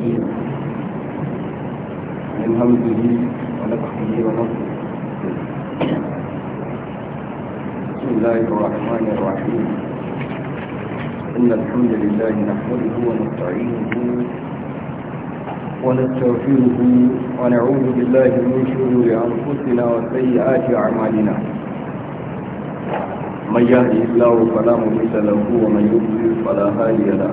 الرجيم من همزه ونفخه ونفخه بسم الله الرحمن الرحيم إن الحمد لله نحمده ونستعينه ونستغفره ونعوذ بالله من شرور أنفسنا وسيئات أعمالنا من يهده الله فلا مضل له ومن يضلل فلا هادي له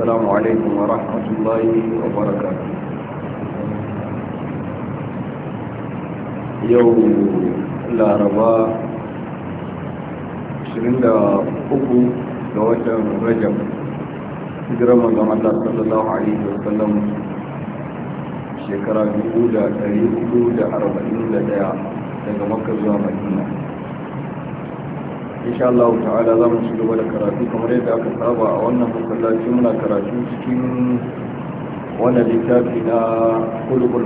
السلام عليكم ورحمة الله وبركاته يوم الأربعاء 23 لوجه رجب hijirar manzon Allah sallallahu alaihi wa sallam shekara 1441 daga Makka zuwa Madina insha Allah ta'ala za mu shiga da karatu kamar yadda aka saba a wannan masallaci muna karatu cikin wannan littafi na kulubul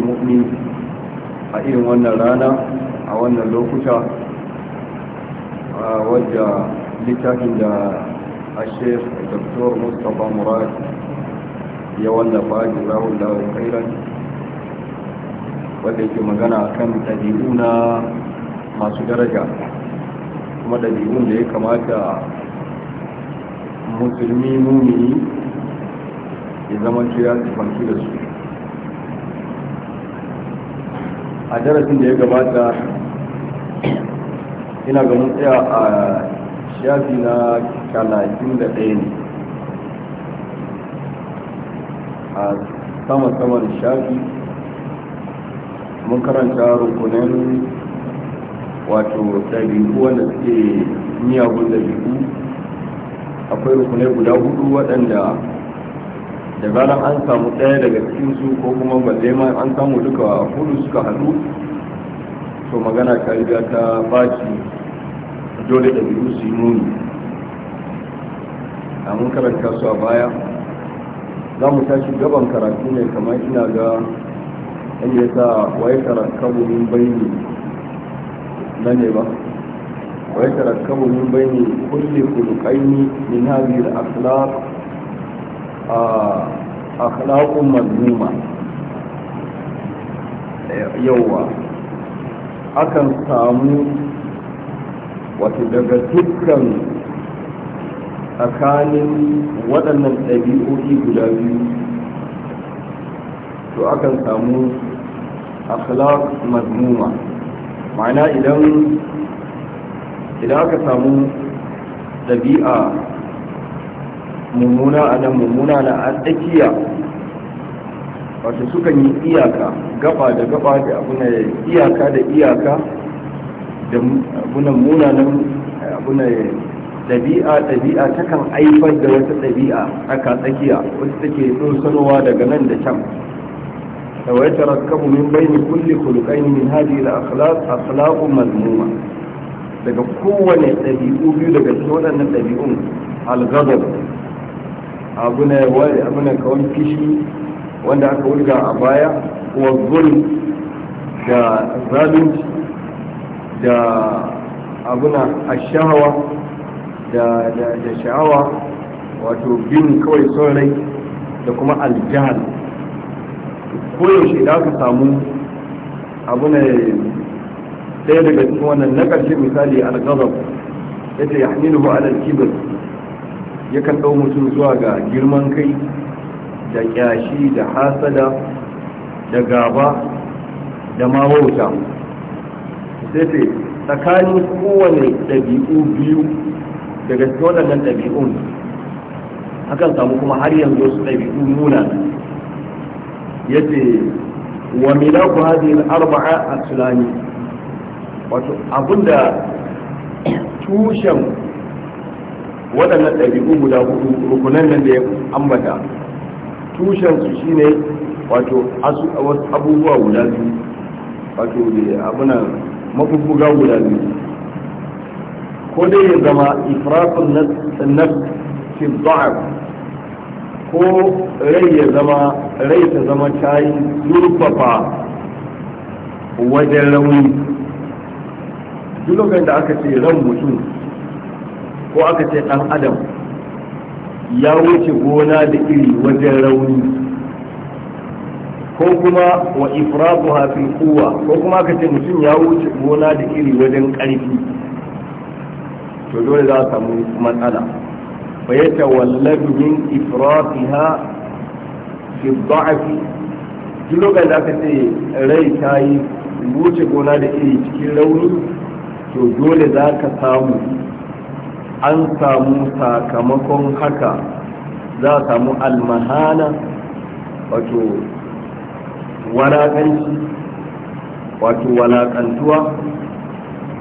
a irin wannan rana a wannan lokuta a wadda littafin da ashef shef dr mustapha murad ya wallafa jirahun da kairan wadda ke magana kan ɗabi'u na masu daraja kuma ɗabi'un da ya kamata musulmi mumini ya zama ya sifanci da su a darasin da ya gabata ina ga a shafi na talatin da ɗaya ne a sama-saman shafi mun karanta rukunin wato ɗabi'u wanda suke miyagun ɗabi'u akwai rukunai guda hudu waɗanda da ranar an samu ɗaya daga cikinsu ko kuma balle ma an samu duka hudu suka haɗu to magana ta riga ta baki dole ɗabi'u su yi nuni a mun karanta su a baya za mu tashi gaban karatu ne kamar ina ga yadda ya sa waye karatu min bayani na ne ba wai tarakkabu min bayni kulli khuluqaini min hadhihi al-akhlaq akhlaqun mazmuma yawa akan samu wata daga dukkan tsakanin waɗannan ɗabi'o'i guda biyu to akan samu akhlaq mazmuma ma'ana idan idan aka samu ɗabi'a mummuna a nan mummuna na a tsakiya wato sukan yi iyaka gaba da gaba da abuna iyaka da iyaka da abuna munanan abuna ɗabi'a ɗabi'a takan haifar da wata ɗabi'a tsaka tsakiya wata take sanowa daga nan da can ويتركب من بين كل خلقين من هذه الأخلاق أخلاق مذنومة daga kowane ɗabi'u biyu daga cikin waɗannan ɗabi'un algazab abu ne kawai fishi wanda aka wulga a baya wa zulm da zalunci da abuna ashawa da sha'awa wato bin kawai saurai da kuma aljahal koyaushe da aka samu abu ne ɗaya daga cikin wannan na ƙarshe misali al-gazab ya ce ba ala kibir ya kan ɗau mutum zuwa ga girman kai da ƙyashi da hasada da gaba da ma wauta sai tsakanin kowane ɗabi'u biyu daga cikin waɗannan ɗabi'un akan samu kuma har yanzu su ɗabi'u munana yace wa milaku hadhihi al-arba'a aslani wato abinda tushen waɗannan ɗabi'u guda hudu rukunan nan da ya ambata tushen su shine wato abubuwa guda biyu wato abuna mabubbuga guda biyu ko dai ya zama ifrafin nafs fi dha'f ko rai ya zama rai ta zama tayi zurfafa wajen rauni duk lokacin da aka ce ran mutum ko aka ce ɗan adam ya wuce gona da iri wajen rauni ko kuma wa Ifrafu hafin kuwa ko kuma aka ce mutum ya wuce gona da iri wajen ƙarfi to dole za a samu matsala فيتولد من إفراطها في الضعف duk da aka ce rai ta yi wuce gona da iri cikin rauni to dole za ka samu an samu sakamakon haka za a samu almahana wato walakanci wato walakantuwa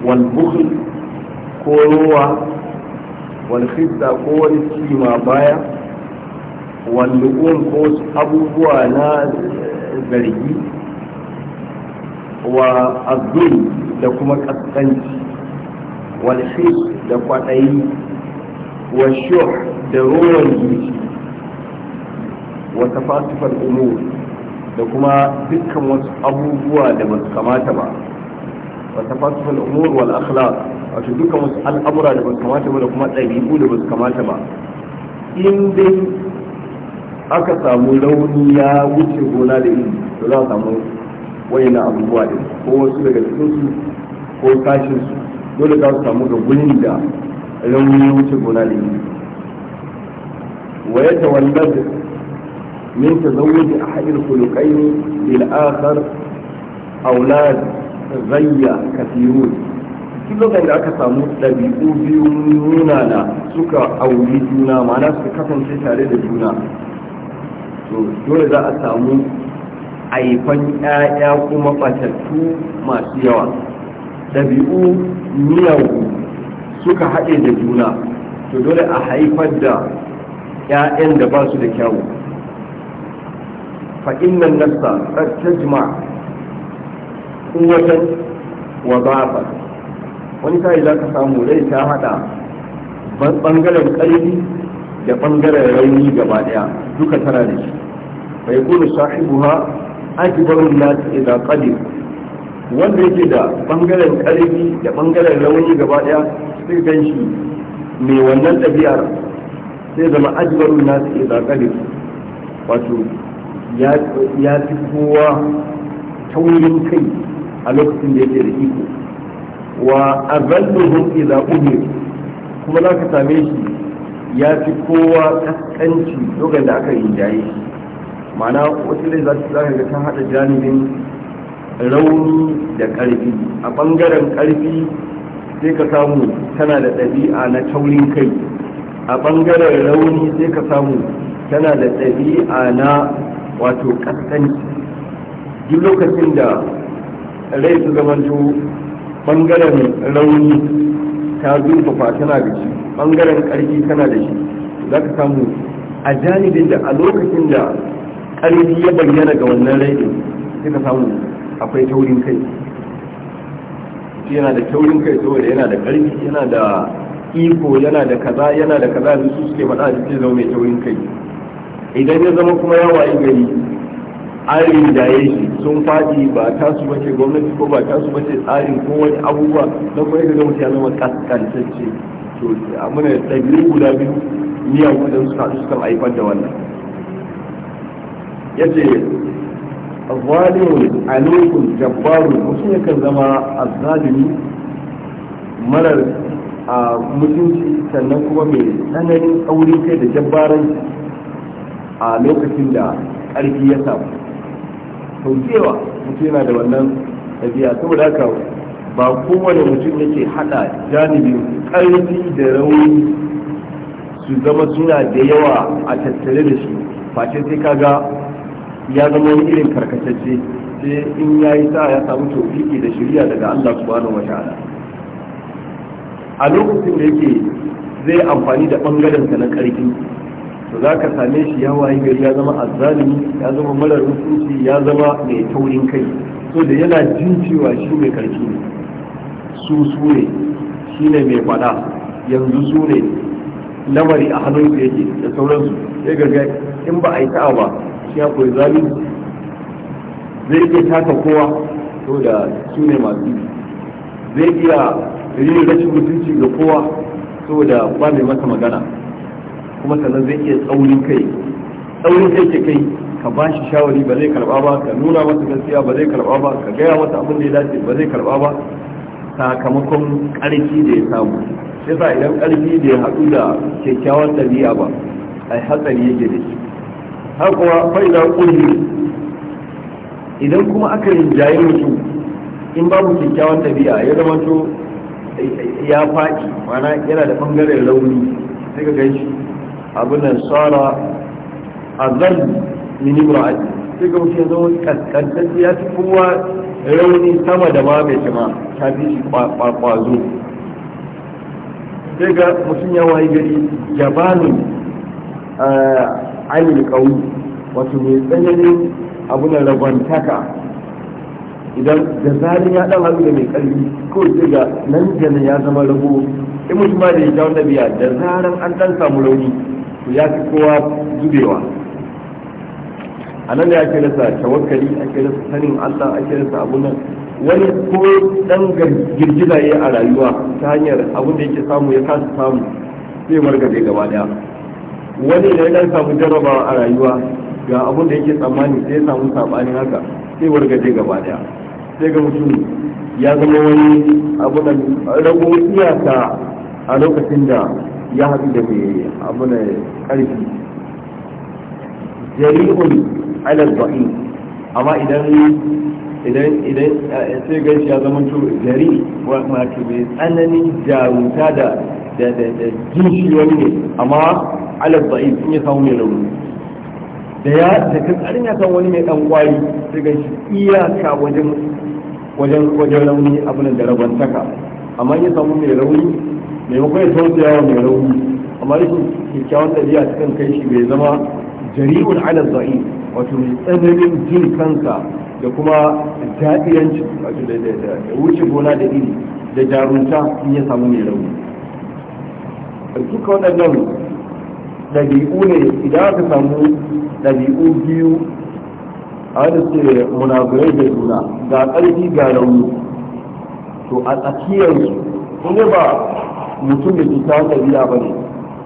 walbukhi ko rowa wani ko wani kima baya wani ko wasu abubuwa na eh, zargi wa azul da kuma kaskanci wal da kwaɗayi wa shuh da ruwan zuci wa tafasifar umur da kuma dukkan wasu abubuwa da ba su kamata ba wa tafasuh al-umur wal akhlaq wato dukkan wasu da ba kamata ba da kuma ɗabi'u da ba kamata ba in dai aka samu launi ya wuce gona da ilimi to za a samu wayannan abubuwa din ko wasu daga cikinsu ko sashinsu dole za su samu da rauni ya wuce gona da ilimi wa ya tawallad min tazawwuj zayya kasirun duk lokacin da aka samu ɗabi'u biyu nuna na suka auri juna ma'ana suka kasance tare da juna to dole za a samu aifan ƴaƴa kuma ɓatattu masu yawa ɗabi'u miyagu suka haɗe da juna to dole a haifar da ƴaƴan da ba su da kyawu fa'innan nasa jima'a kuwatan wa ba'afan wani kai za ka samu rai ta hada bangaren ƙarfi da bangaren rauni gaba daya duka tara da shi fa yakunu sahibuha akbaru na nas idza qadir wanda yake da bangaren ƙarfi da bangaren rauni gaba daya sai ganshi mai wannan ɗabi'ar sai zama na nasu idza qadir wato ya fi kowa taurin kai a lokacin da yake da iko wa hum idza umir kuma za ka same shi ya fi kowa kaskanci dogon da aka rinjaye shi ma'ana wasu dai za ka ga ta hada janibin rauni da karfi a bangaren karfi sai ka samu tana da ɗabi'a na taurin kai a bangaren rauni sai ka samu tana da ɗabi'a na wato kaskanci duk lokacin da rai su zamanto ɓangaren rauni ta zurfafa tana da shi ɓangaren ƙarfi tana da shi za ka samu a janibin da a lokacin da ƙarfi ya bayyana ga wannan rai sai ka samu akwai taurin kai yana da taurin kai saboda yana da ƙarfi yana da iko yana da kaza yana da kaza da su suke faɗa da zama mai taurin kai idan ya zama kuma ya yi gari an rinjaye shi sun faɗi ba ba bace gwamnati ko ba ba bace tsarin ko wani abubuwa na kuma yadda mutum ya zama kaskantacce to a muna ɗabi'u guda biyu miyagu da suka haɗu suka haifar da wannan ya ce zalimun alaikun jabbarun mutum yakan zama azalimi marar a mutunci sannan kuma mai tsananin tsaurin kai da jabbaran a lokacin da ƙarfi ya samu saukewa mutum yana da wannan ɗabi'a saboda haka ba kowane mutum yake hada janibin karfi da rauni su zama suna da yawa a tattare da shi face sai kaga ya zama irin karkatacce sai in ya yi sa ya samu tofiki da shirya daga Allah subhanahu wata'ala a lokacin da yake zai amfani da bangaren na ƙarfi to za ka same shi ya wayi gari ya zama azzalimi ya zama marar hukunci ya zama mai taurin kai so da yana jin cewa shi mai karfi ne su su ne shi ne mai fada yanzu su ne lamari a hannunsu yake da sauransu sai gargai, in ba a yi ta'a ba shi ya koyi zalim zai iya taka kowa to da su ne masu zai iya rin rashin mutunci ga kowa saboda ba mai masa magana kuma sannan zai iya tsaurin kai tsaurin kai ke kai ka ba shi shawari ba zai karba ba ka nuna masa gaskiya ba zai karba ba ka gaya masa abin da ya dace ba zai karba ba sakamakon ƙarfi da ya samu sai sa idan ƙarfi da ya haɗu da kyakkyawar tabi'a ba a hatsari yake da shi har kuma fa'ida ƙulli idan kuma aka jayi mutum in babu kyakkyawar tabi'a ya zama to ya faɗi mana yana da ɓangaren rauni sai ka ganshi abin tsara a zan mini ra'ayi sai ga wuce zama kaskantar ya fi kowa rauni sama da ma mai jima ta fi shi kwakwazo sai ga mutum ya wayi gari jabanin ainihin kawu wato mai tsananin abin rabantaka idan da zari ya dan hadu da mai karfi ko sai ga nan jana ya zama rabo in mutum ma da ya ja wanda biya da zaran an dan samu rauni ya fi kowa zubewa a nan da ake rasa tawakkali ake rasa sanin allah ake rasa abun nan wani ko dan girgiza ya a rayuwa ta hanyar abun da yake samu ya kasa samu sai wargaje gaba daya wani da ya samu jarrabawa a rayuwa ga abun da yake tsammani sai ya samu sabanin haka sai wargaje gaba daya sai ga mutum ya zama wani abu da rago iyaka a lokacin da ya haɗu da mai abu na ƙarfi jari'un alal ba'i amma idan idan idan sai gan ya zama to jari wato mai tsananin jarumta da da da da jinshi wani ne amma alal ba'i sun yi samu mai rauni da ya da tsarin ya san wani mai ɗan kwari sai gan iya iyaka wajen wajen wajen rauni abin da rabantaka amma ya samu mai rauni mai ya tausaya wa mai rauni amma sun kyakkyawan ɗabi'a ta kan kai shi bai zama jari'un ala za'i wato mai tsananin jin kanka da kuma jadiyanci wato da wuce gona da iri da jarunta in ya samu mai rauni duka waɗannan ɗabi'u ne idan aka samu ɗabi'u biyu a wadda suke munagurai da juna ga ƙarfi ga rauni to a tsakiyar su kuma ba mutum da ke kawo ɗabi'a ba ne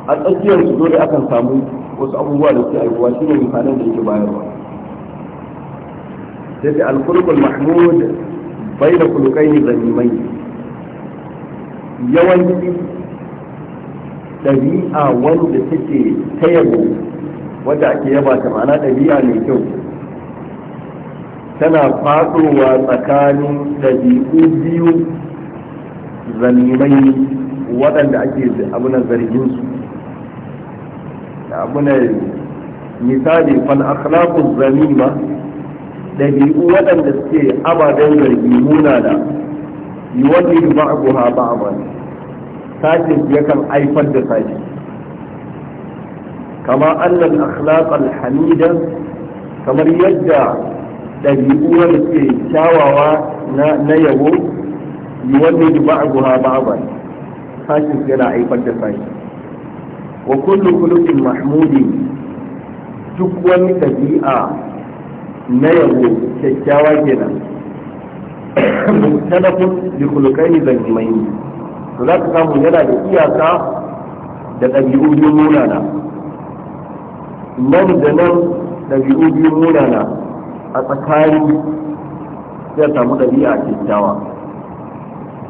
a tsakiyar dole akan samu wasu abubuwa da suke aiwuwa shi ne misalan da yake bayarwa sai da alkulkul mahmud bai da kulukai ne zanimai yawanci ɗabi'a wanda take tayar yabo wadda ake yaba ta ma'ana ɗabi'a mai kyau tana fadowa tsakanin ɗabi'u biyu zalimai waɗanda ake abunan zargin su abunan misali fal akhlaqu zalima ɗabi'u waɗanda suke ababen zargi munana yuwaddi ba'daha ba'dan sashin yakan aifar da sashi kama annan akhlaq al hamida kamar yadda ɗabi'u wanda suke kyawawa na yabo yi wanda yi ba'agu ha ba'aba sashin yana haifar da sashi wa kullu khuluqin mahmudi duk wani ɗabi'a na yabo kyakkyawa kenan mutalafun bi khuluqaini zalimai to za ka samu yana da iyaka da ɗabi'u biyu munana nan da nan ɗabi'u biyu munana a tsakari zai samu ɗabi'a kyakkyawa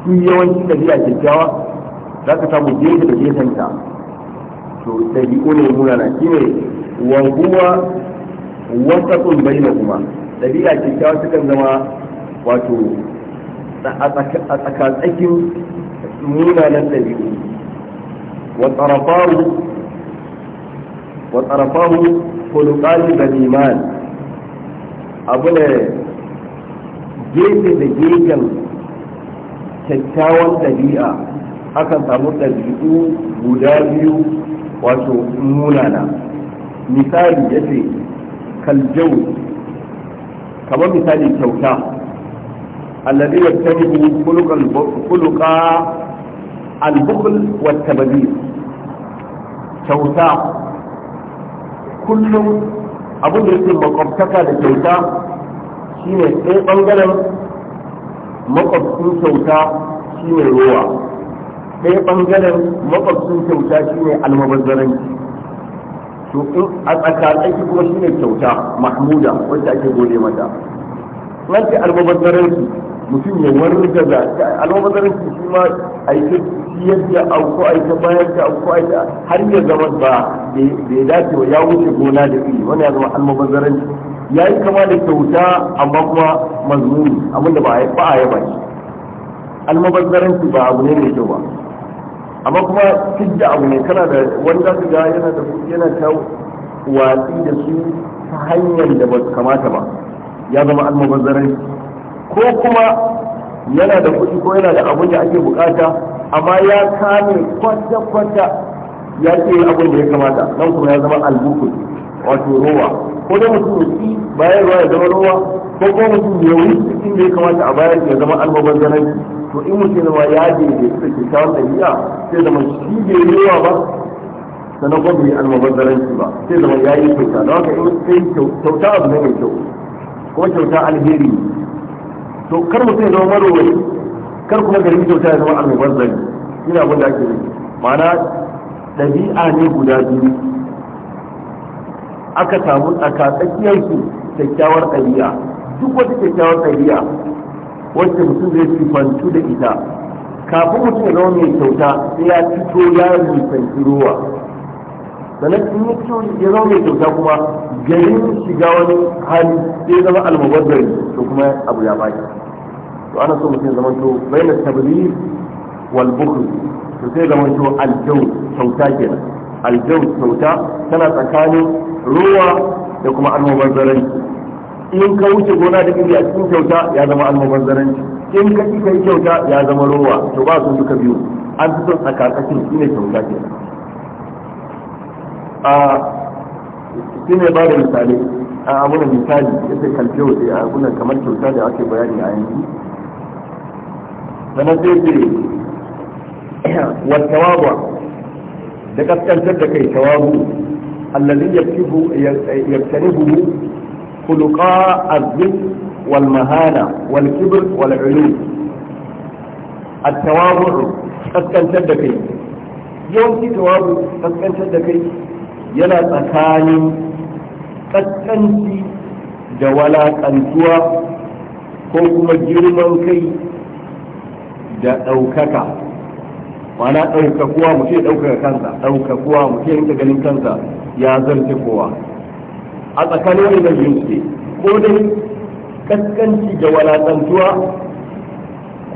shi yawanci ɗabi'a kyakkyawa za ka samu gefe da gefenta to ɗabi'u ne na shi ne wa sun bai na kuma ɗabi'a kyakkyawa sukan zama wato a tsakatsakin munanan ɗabi'u wa tsarafahu wa tsarafahu kulukan da liman abu ne gefe da gefen kyakkyawan ɗabi'a akan samu ɗabi'u guda biyu wato munana misali ya ce kaljau kamar misali kyauta alladhi yattabi'u khuluqa al-bukhl wa kyauta kullum abin da yake makwabtaka da kyauta shi ne ɗaya ɓangaren makwabcin kyauta shi ne rowa ɗaya ɓangaren makwabcin kyauta shi ne almabazzaranci to in a tsakatsaki kuma shi ne kyauta mahmuda wacce ake gode mata nan ce almabazzaranci mutum ya wargaza almubazzaranci shi ma a yi da auku a yi ta bayan da auku a yi ta har ya zama ba ya dace wa ya wuce gona da iri wani ya zama almubazzaranci ya yi kama da kyauta amma kuma mazmuni abinda ba a yaba shi almubazzaranci ba abu ne mai kyau ba amma kuma da abu ne kana da wani za ga yana da kuɗi yana ta watsi da su ta hanyar da ba su kamata ba ya zama almubazzaranci ko kuma yana da kuɗi ko yana da abin da ake bukata amma ya kame kwanta-kwanta ya ce abin da ya kamata nan kuma ya zama albukul wato rowa ko da mutum ya ci bayarwa ya zama rowa ko kuma mutum ya wuce cikin da ya kamata a bayar ya zama zanen to in mutum zama ya daidai da da ɗabi'a sai zama shi bai rowa ba sannan kuma bai almubazzaranci ba sai zama ya yi kyauta don haka in sai kyauta abu ne mai kyau kuma kyauta alheri to kar mu sai zama wai kar kuma gari kyauta ya zama annobar zari ina abin da ake yi ma'ana ɗabi'a ne guda biyu aka samu tsakiyar su kyakkyawar ɗabi'a duk wata kyakkyawar ɗabi'a wacce mutum zai sifantu da ita kafin mutum ya zama mai kyauta sai ya fito ya nisanci ruwa sannan in yi kyau ya zama mai kyauta kuma garin shiga wani hali sai zama almubazzari to kuma abu ya baki to ana so mutum zama to na tabli wal bukhl to sai zama to aljau kyauta kenan aljau kyauta tana tsakanin ruwa da kuma almubazzaranci in ka wuce gona da iri a cikin kyauta ya zama almubazzaranci in ka ci kai kyauta ya zama ruwa to ba su duka biyu an fi son tsakakakin shine kyauta kenan a shi ne ba da misali a abunan misali yadda kalfe waje a abunan kamar kyauta da ake bayani a yanzu sannan sai ce wata wabuwa da kaskantar da kai tawabu allazi yaktibu yaktanibu khuluqa az-zin wal mahana wal kibr wal ulum at-tawabu kaskantar da kai yawanci tawabu kaskantar da kai yana tsakanin kaskanci da walaƙantuwa ko kuma girman kai da ɗaukaka mana ɗaukakuwa mutum ya ɗaukaka kansa ɗaukakuwa mutum ya rinka ganin kansa ya zarce kowa a tsakanin wani da biyu ko dai kaskanci da walaƙantuwa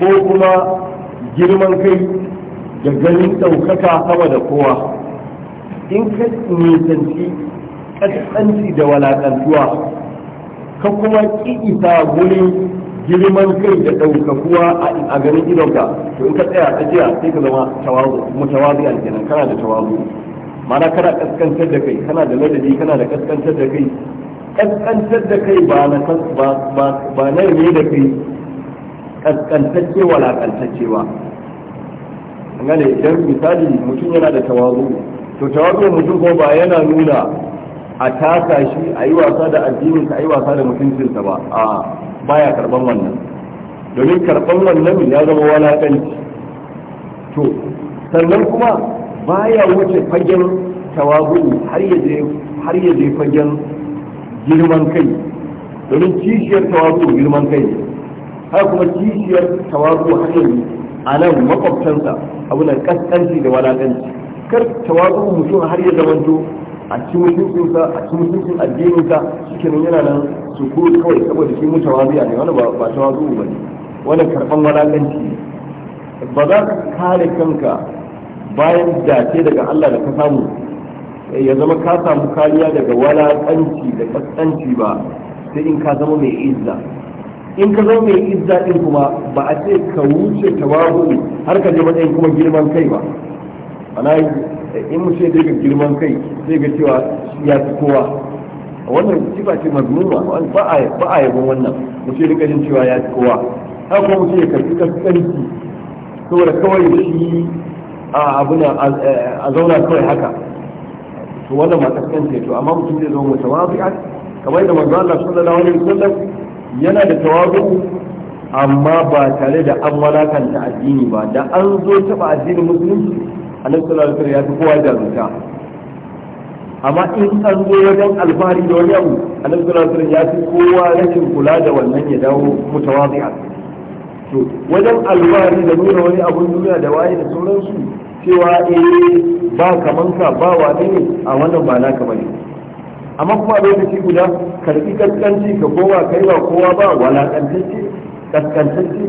ko kuma girman kai da ganin ɗaukaka sama da kowa in ka nisanci ƙasƙanci da walaƙantuwa ka kuma ƙi isa wurin girman kai da ɗaukakuwa a ganin idonka to in ka tsaya a tsakiya sai ka zama tawazu. tawazu Kuma mutawazi alkenan kana da tawazu mana kana ƙasƙantar da kai kana da ladabi kana da ƙasƙantar da kai ƙasƙantar da kai ba na ba na ne da kai ƙasƙantacce walaƙantacce ba an gane idan misali mutum yana da tawazu to tawazu mutum ko ba yana nuna a taka shi a yi wasa da addininsa a yi wasa da mutuncinsa ba a baya karban wannan domin karban wannan ya zama walakanci to sannan kuma baya wuce fagen tawazu har ya je har ya je fagen girman kai domin kishiyar tawazu girman kai har kuma kishiyar tawazu har yanzu a nan makwabtansa abu na kaskanci da walakanci kar tawazu mutum har ya zamanto a cikin mutuncinsa a cikin mutuncin addininsa shikenan yana nan su ko kawai saboda shi mutawaziya ne wani ba tawazu ba ne karban walakanci ba za ka kare kanka bayan dace daga Allah da ka samu eh, ya zama ka samu kariya daga walakanci da kaskanci ba sai in ka zama mai izza in ka zama mai izza din kuma ba a ce ka wuce tawazu har ka je matsayin kuma girman kai ba ana in mu sai daga girman kai sai ga cewa ya fi kowa wannan sifa ce mazmuma ba a ba a yabon wannan mu sai rika jin cewa ya fi kowa haka kuma mu sai ka fi kaskanci saboda kawai shi a abuna a zauna kawai haka to wannan ma kaskanci to amma mutum zai zama mutawazi'a kamar da manzo Allah sallallahu alaihi wasallam yana da tawazu amma ba tare da an walakanta addini ba da an zo taba addinin musulunci annabi sallallahu alaihi ya fi kowa jarumta amma in an zo wajen alfahari da wani abu annabi sallallahu alaihi ya fi kowa rashin kula da wannan ya dawo mutawazi'a to wajen alfahari da nuna wani abun duniya da waye da sauransu cewa eh ba kaman ka ba wane ne a wannan ba naka bane amma kuma lokaci guda karbi kaskanci ka kowa kai ba kowa ba walakantacce kaskantacce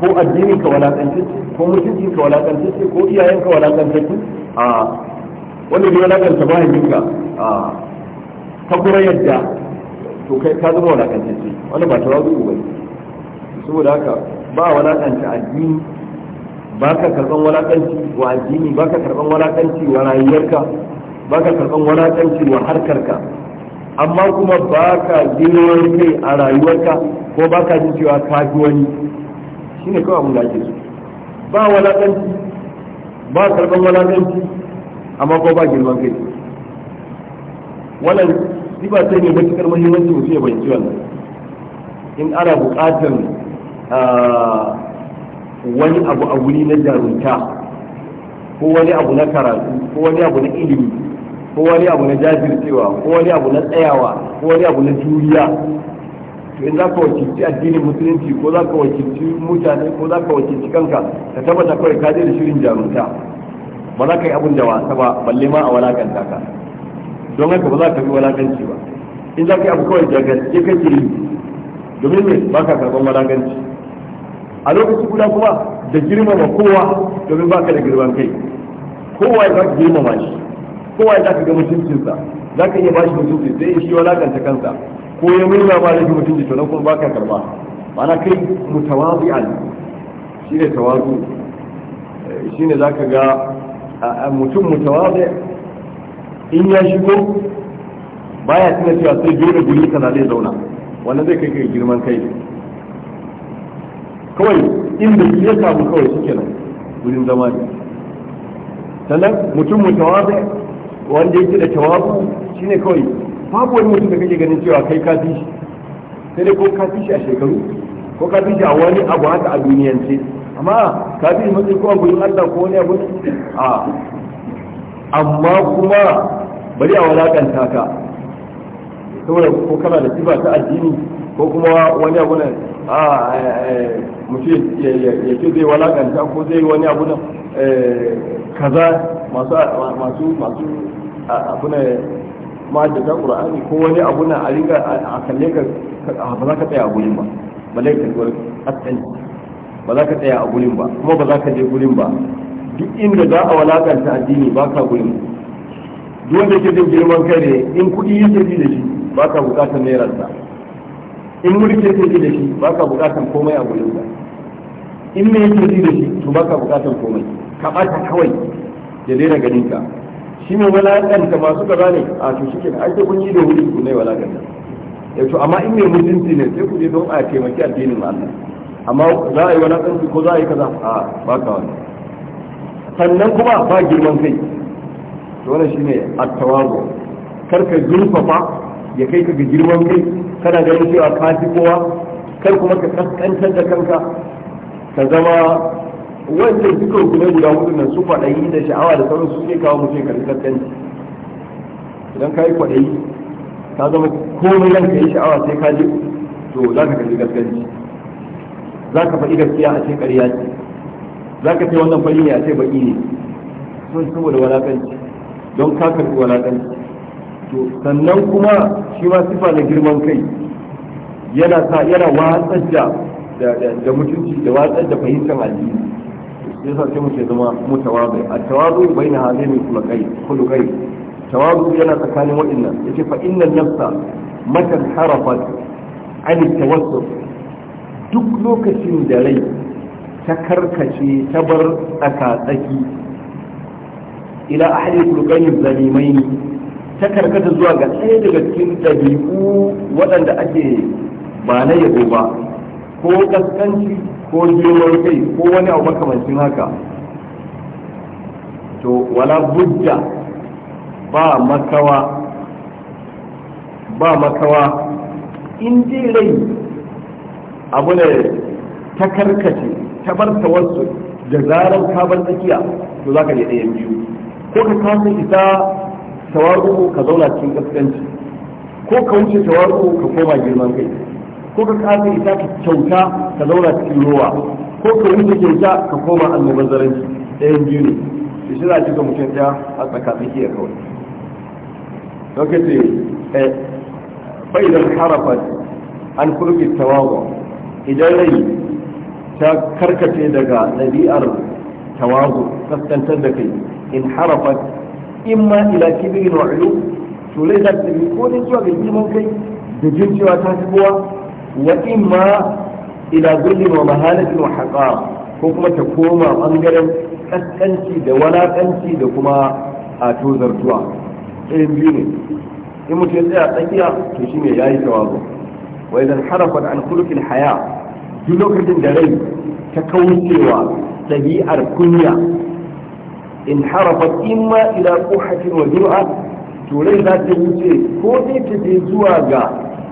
ko addini ka walakantacce ko mutunci ka ce ko iyayen ka ce a wanda bai walakanta ba yin ka a ta kura yadda to kai ka zama ce wanda ba ta ba saboda haka ba walakanta addini ba ka karban walakanci wa addini ba ka karban walakanci wa rayuwarka ba ka karban walakanci wa harkarka amma kuma ba ka girman kai a rayuwarka ko ba ka jin cewa ka ji wani shi ne kawai abin da ake so ba walaɗanci, ba karban walaɗanci, amma ko ba girman kai wannan ba sai ne matukar muhimmanci mutum ya bayyana wannan in ana buƙatar wani abu a wuri na jarumta ko wani abu na karatu ko wani abu na ilimi ko wani abu na jajircewa ko wani abu na tsayawa ko wani abu na juriya in za ka wakilci addinin musulunci ko za ka wakilci mutane ko za ka wakilci kanka ka tabbata kawai ka je da shirin jarumta ba za ka yi abin da wasa ba balle ma a walakanta ka don haka ba za ka bi walakanci ba in za ka yi abu kawai da gaske ke yi domin ne ba ka karɓar walakanci a lokaci guda kuma da girmama kowa domin ba ka da girman kai kowa ya ka girmama shi kowa ya za ka ga mutuncinsa za ka iya ba shi mutunci sai shi walakanta kansa ko ya murna ba da mutum ji tunan kuma baka karba ma'ana kai shi shine tawazu eh, shine zaka ga mutum mutawazi in ya shigo baya tuna cewa sai dole guri kana zai zauna wannan zai kai kai girman kai kawai inda shi ya samu kawai shi kenan gurin zama ne sannan mutum mutawazi wanda yake da tawazu shine kawai babu wani mutum da kake ganin cewa kai ka fi shi sai dai ko ka fi shi a shekaru ko ka fi shi a wani abu haka a duniyance amma ka fi shi mutum ko a gurin Allah ko wani abu a amma kuma bari a walakanta ka saboda ko kana da sifa ta addini ko kuma wani abu na a eh, mutum ya ce zai walakanta ko zai wani abu na eh, kaza masu masu masu abu na ma da ga qur'ani ko wani abu na a riga a kalle ka ba za ka tsaya a gurin ba malaika ko gurin ba za ka tsaya a gurin ba kuma ba za ka je gurin ba duk inda za a walakanta addini ba ka gurin duk wanda ke jin girman kai ne in kuɗi yake ji da shi ba ka buƙatar sa. in mulki yake ji da shi ba ka buƙatar komai a gurin ba. in me yake ji da shi to ba ka buƙatar komai ka ɓata kawai da daina ganin ka shi ne walakanta masu kaza ne a to shi kenan ai kun yi da wuri ku ne walakanta ya eh, to amma in mai mutunci ne sai ku je don a taimaki addinin Allah amma za a yi wani walakanci ko za a yi kaza a ba ka wani sannan kuma ba girman kai to wannan shine at-tawazu kar ka zurfafa ya kai ka ga girman kai kana ganin cewa ka kowa kar kuma ka kaskantar da kanka ka zama wannan dukkan kuma guda hudu nan su kwaɗayi da sha'awa da sauran su ne kawo mutum karɓi kaskanci idan ka yi kwaɗayi ka zama komai ranka yi sha'awa sai ka je, to za ka karɓi kaskanci za ka faɗi gaskiya a ce ƙarya ce za ka ce wannan fari ne a ce baƙi ne sun saboda walaƙanci don ka karɓi walaƙanci to sannan kuma shi ma sifa na girman kai yana sa yana watsar da mutunci da watsar da fahimtar addini sai sa sai muke zama mutawabi a tawabi bai na halayen kulukai kulukai tawabi yana tsakanin waɗannan yace fa innan nafsa matan harafat an tawassul duk lokacin da rai ta karkace ta bar tsaka tsaki ila ahli kulukai zalimaini ta karkata zuwa ga ɗaya daga cikin ɗabi'u waɗanda ake ba na yabo ba ko kaskanci ko jirgin kai ko wani abu makamancin haka to wala budda ba makawa ba makawa in dai rai abu ne ta karkace ta bar ta wasu da zarar ka bar tsakiya to za ka yi ɗayan biyu ko ka kasa isa tawaru ka zauna cikin kaskanci ko ka wuce tawaru ka koma girman kai ko ka kasa ita ka kyauta ka zauna cikin ruwa ko ka wuce kyauta ka koma almubazzaranci ɗayan biyu ne da shi za a cika mutum ɗaya a tsakatsakiya kawai lokaci eh, bai da harafat an kurfi tawawa idan rai ta karkace daga ɗabi'ar tawazu kaskantar da kai in harafat in ma ila kibirin wa'ilu to rai za ta ko ne zuwa ga girman kai da jin cewa ta fi kowa wa imma ila zulli wa mahalatin wa haqar ko kuma ta koma bangaren kaskanci da walakanci da kuma a tozartuwa irin biyu ne in mutum ya tsakiya to shine yayi tawazu wa idan harafat an haya duk lokacin da rai ta kaucewa ɗabi'ar kunya in harafat imma ila quhatin wa jum'a to rai za ta wuce ko dai ta zuwa ga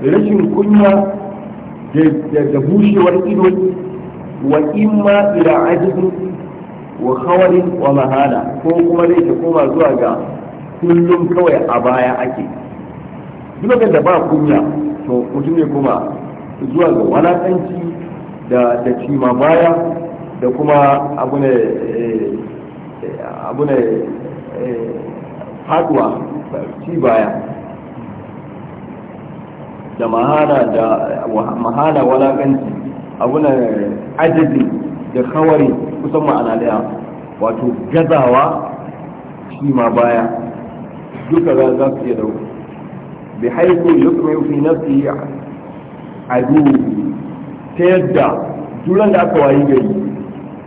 rashin kunya da bushewar ido wa imma ila ajibu wa khawarin wa mahala ko kuma zai ta koma zuwa ga kullum kawai a baya ake duk da ba kunya to mutum ya kuma zuwa ga walakanci da da cima baya da kuma abune eh, eh, abune eh, faduwa ci baya da mahana da mahana walakanci da kawari kusan ma'ana daya wato gazawa shi ma baya duka za su iya da bi haiku yukmi fi nafsi adu ta yadda duran da aka wayi gari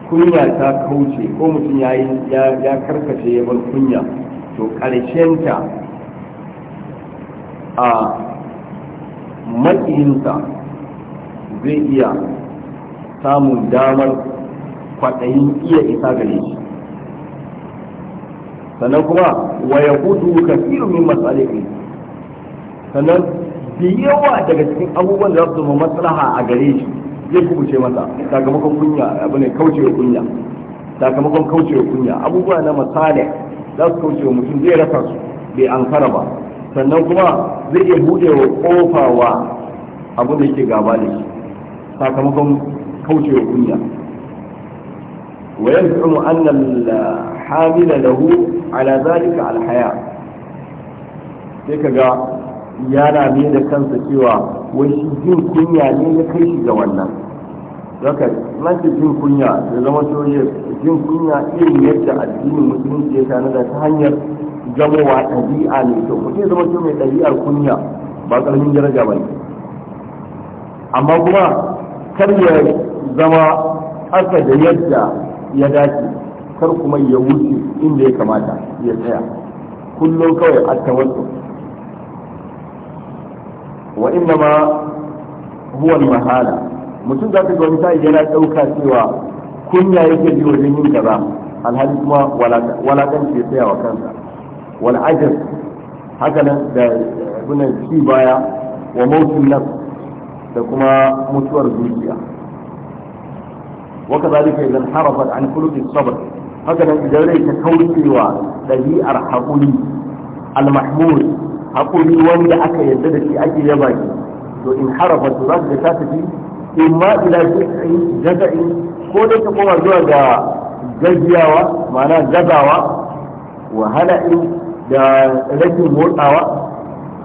kunya ta kauce ko mutum ya karkace ya bar kunya to ƙarshenta a maƙiyinsa zai iya samun damar kwaɗayin iya isa gare shi sannan kuma wa ya hudu kasiru min matsalifi sannan da yawa daga cikin abubuwan da za su maslaha a gare shi zai kubuce masa sakamakon kunya abu ne kaucewa kunya sakamakon kaucewa kunya abubuwa na matsala za su kaucewa mutum zai rasa su bai an ba sannan kuma zai iya buɗe wa ƙofawa abu da yake gaba da shi sakamakon kaucewa kunya wa yanzu annal hamila lahu ala zalika alhaya sai kaga yana ne da kansa cewa wai shi jin kunya ne ya kai shi ga wannan zaka maki jin kunya da zama soyayya jin kunya irin yadda addinin musulunci ya tanada ta hanyar gamowa ɗabi'a ne kyau mutum zama kyau mai ɗabi'ar kunya ba ƙarfin daraja ba ne amma kuma kar ya zama haka da yadda ya dace kar kuma ya wuce inda ya kamata ya tsaya kullum kawai a tawassu wa inna ma huwa mahala mutum za ta ga wani sa'i yana ɗauka cewa kunya yake bi wajen yin kaza alhali kuma walakanci ya tsaya wa kansa wal ajab haka nan da abunan ci baya wa mautin nas da kuma mutuwar zuciya wa kadhalika idan harafat an kulli sabr haka nan idan rai ta kaucewa dabi'ar haƙuri al-mahmud haƙuri wanda aka yadda da shi ake yaba shi to in harafat za ka ta tafi imma ila shi'i jaza'i ko dai ka koma zuwa ga gajiyawa ma'ana gazawa wahala'i da rashin motsawa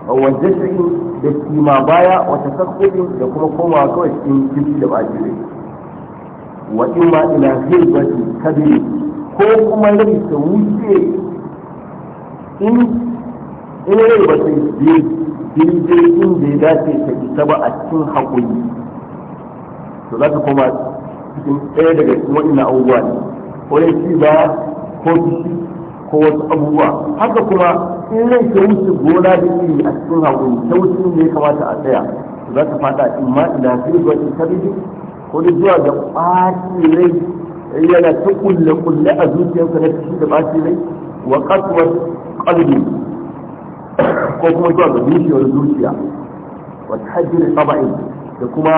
wanda su da kima baya wata sakkudin da kuma komawa kawai cikin jirgi da ba jire wa imma ila hirbati kabiri ko kuma rai ta wuce in in rai ba ta yi jirgin da ya dace ta isa ba a cikin haƙuri to za ka koma cikin ɗaya daga cikin waɗannan abubuwa ne ko ya ci ba ko fushi ko wasu abubuwa haka kuma in nan ta wuce gona da iri a cikin haƙuri ta wuce ne ya kamata a tsaya to za ka faɗa in ma ina fi zuwa in tabbiji ko dai zuwa da ɓaci rai yana ta kulle-kulle a zuciyarsa na fushi da ɓaci rai wa kasuwar ƙalbi ko kuma zuwa ga zuciyar zuciya hajji ta saba'in da kuma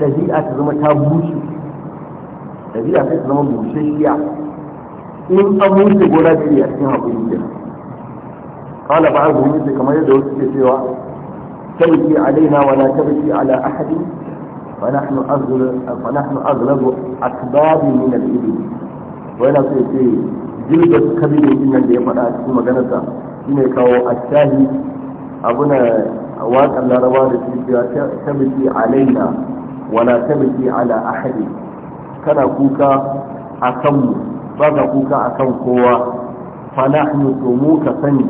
ɗabi'a ta zama ta bushe ɗabi'a ta zama bushashiya in an bushe gona da a cikin haƙuri da kala ba a gumi kamar yadda wasu ke cewa tabki alaina wa la tabki ala ahadi fa nahnu azlabu fa nahnu azlabu akbab min al-ibil wa yana so ce jilbar kabirin din nan da ya faɗa a cikin maganarsa ne kawo a attahi abuna waƙar Laraba da ke cewa tabki alaina wala tabki ala ahadi kana kuka akan mu ba ka kuka akan kowa fa nahnu tumuka sani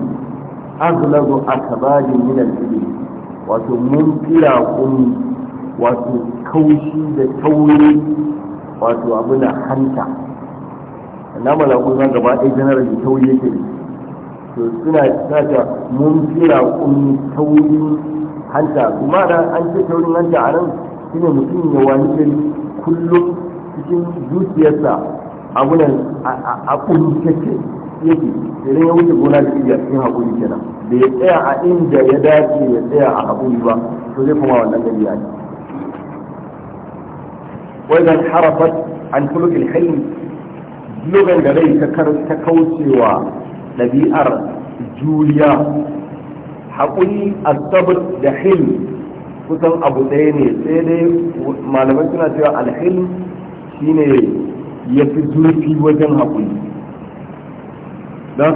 aghlazu akbadi min al-ibil wa mun kira kun wato kaushi da tauri wato abuna hanta na malaku zan gaba ɗaya janar da tauri yake to suna sata mun kira kun tauri hanta kuma da an ce taurin hanta a nan shine mutum ya wani gari kullum cikin zuciyarsa abunan a kuntace yake idan ya wuce gona da iya cikin haƙuri kenan da ya tsaya a inda ya dace ya tsaya a haƙuri ba to zai kuma wannan gari ya ne wajen harafat an tulukin haini logan da rai ta kaucewa ɗabi'ar juriya haƙuri sabar da hilmi kusan abu ɗaya ne sai dai malamai suna cewa alhilm shine ya fi zurfi wajen haƙuri don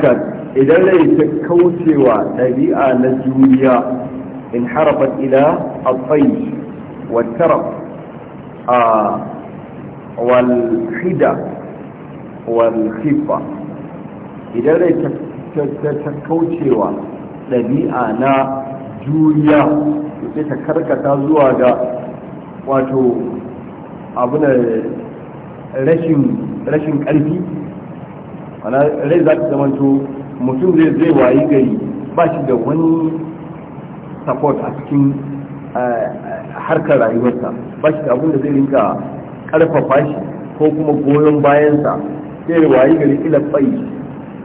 idan rai ta kaucewa ɗabi'a na juriya in harafat ila abai wa taraf a walhida walhifa idan rai ta kaucewa ɗabi'a na juriya sai ta karkata zuwa ga wato abin rashin karfi wana rai za ta zamanto mutum zai zai wayi gari ba shi da wani support a cikin eh, harkar rayuwarsa ba shi da abin da zai rinka karfafa shi ko kuma goyon bayansa sai wayi gari ila bai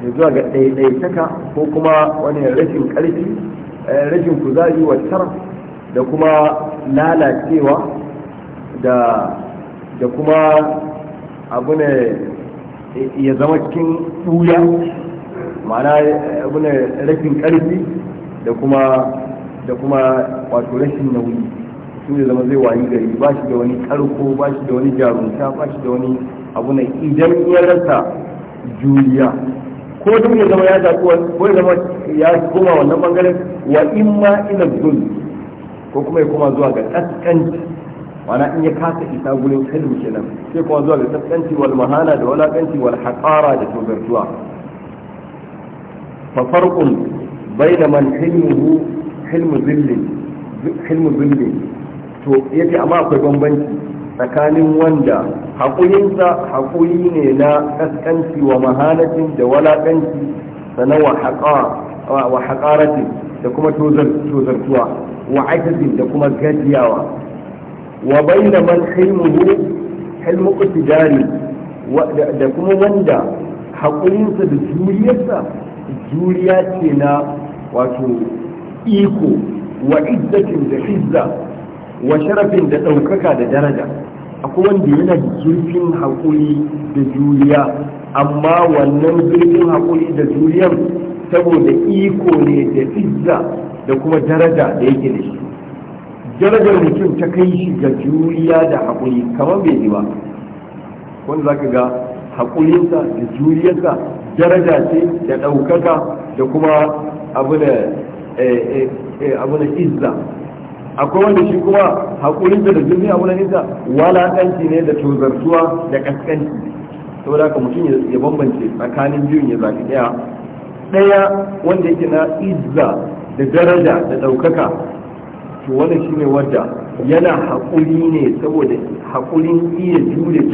ya zuwa ga ɗaiɗaitaka ko kuma wani rashin ƙarfi eh, rashin kuzari wa tara da kuma lalacewa da da kuma abu ne ya zama cikin ɓuya ma'ana abu ne rashin ƙarfi da kuma da kuma wato rashin nauyi su ne zama zai wayi gari ba shi da wani karko ba shi da wani jarumta ba shi da wani abu ne idan ya rasa juriya ko duk ya zama ya zaɓi ko ya zama ya koma wannan bangaren wa ma ina zulmi ko kuma ya koma zuwa ga kaskanci wana in ya kasa isa gurin kalmi kenan sai kuma zuwa ga kaskanci wal mahana da walakanci wal haqara da tozartuwa fa farqun bayna man hilmuhu hilmu zillin hilmu zillin to yake amma akwai bambanci tsakanin wanda haƙurinsa haƙuri ne na kaskanci wa mahanacin da walakanci sannan wa haƙaratin da kuma tozartuwa wa ajzin da kuma gajiyawa wa bayna man hilmuhu hilmu da kuma wanda haƙurinsa da juriyarsa juriya ce na wato iko wa izzatin da izza wa sharafin da ɗaukaka da daraja akwai wanda yana zurfin haƙuri da juriya amma wannan zurfin haƙuri da juriyar saboda iko ne da fizza. da kuma daraja da yake da shi darajar mutum ta kai shi ga juriya da haƙuri kamar bai ji ba wanda za ka ga haƙurinsa da juriyarsa daraja ce da ɗaukaka da kuma abu na eh, eh, eh, izza akwai wanda shi kuma haƙurinsa da juriya abu na nisa walaƙanci ne da tozartuwa da ƙasƙanci saboda haka mutum ya bambance tsakanin biyun ya zaɓi ɗaya ɗaya wanda yake na izza da daraja da ɗaukaka to wannan shine wadda yana haƙuri ne saboda haƙurin iya jure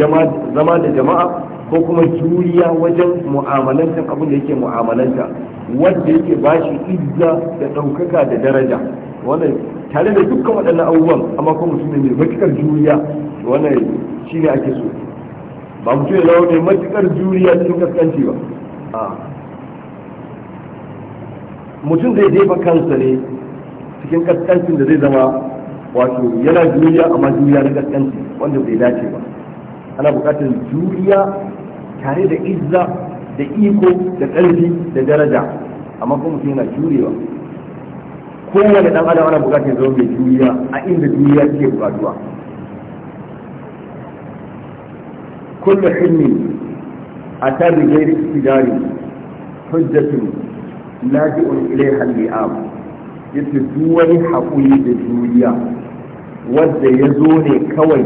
zama da jama'a ko kuma juriya wajen mu'amalanta, abin da yake mu'amalanta wanda yake ba shi izza da ɗaukaka da daraja wannan tare da dukkan waɗannan abubuwan amma kuma mutum ne mai matuƙar juriya wannan shine ake so ba mutum ya zama mai matuƙar juriya cikin kaskanci ba mutum zai jefa kansa ne cikin kaskancin da zai zama wato yana juriya amma juriya na kaskanci wanda bai dace ba ana buƙatar juriya tare da izza da iko da ƙarfi da daraja amma kuma mutum yana jurewa kowane dan adam ana buƙatar zama mai juriya a inda juriya ke buƙatuwa kullum hilmin a tabi gairi istidari hujjatun laji'un ilaiha li'am yace duk wani haƙuri da juriya wanda ya zo ne kawai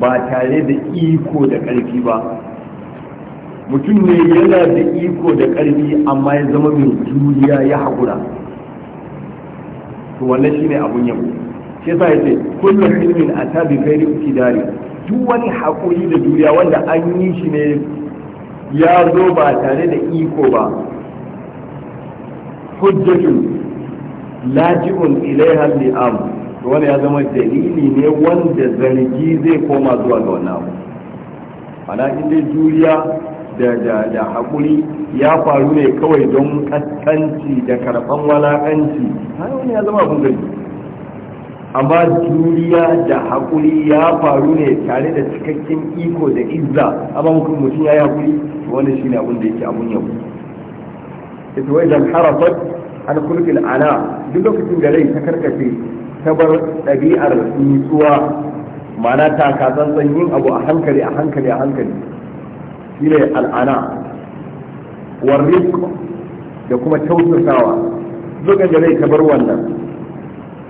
ba tare da iko da ƙarfi ba mutum ne yana da iko da ƙarfi amma ya zama mai juriya ya haƙura to wannan shine abun yabo shi yasa yace kullu ilmin ata bi ghairi ibtidari duk wani haƙuri da juriya wanda an yi shi ne ya zo ba tare da iko ba hujjatun laji'un ilaiha li'am to wani ya zama dalili ne wanda zargi zai koma zuwa ga wannan abu ana inda juriya da da da hakuri ya faru ne kawai don kaskanci da karban walakanci har wani ya zama abun amma juriya da hakuri ya faru ne tare da cikakken iko da izza amma mutum ya yi hakuri to wannan shine abin da yake abun yau ita wai zan harafat an kulkil ana duk lokacin da rai ta karkace ta bar ɗabi'ar nutsuwa ma'ana ta kasan yin abu a hankali a hankali a hankali shi ne al'ana warrik da kuma tausasawa lokacin da rai ta bar wannan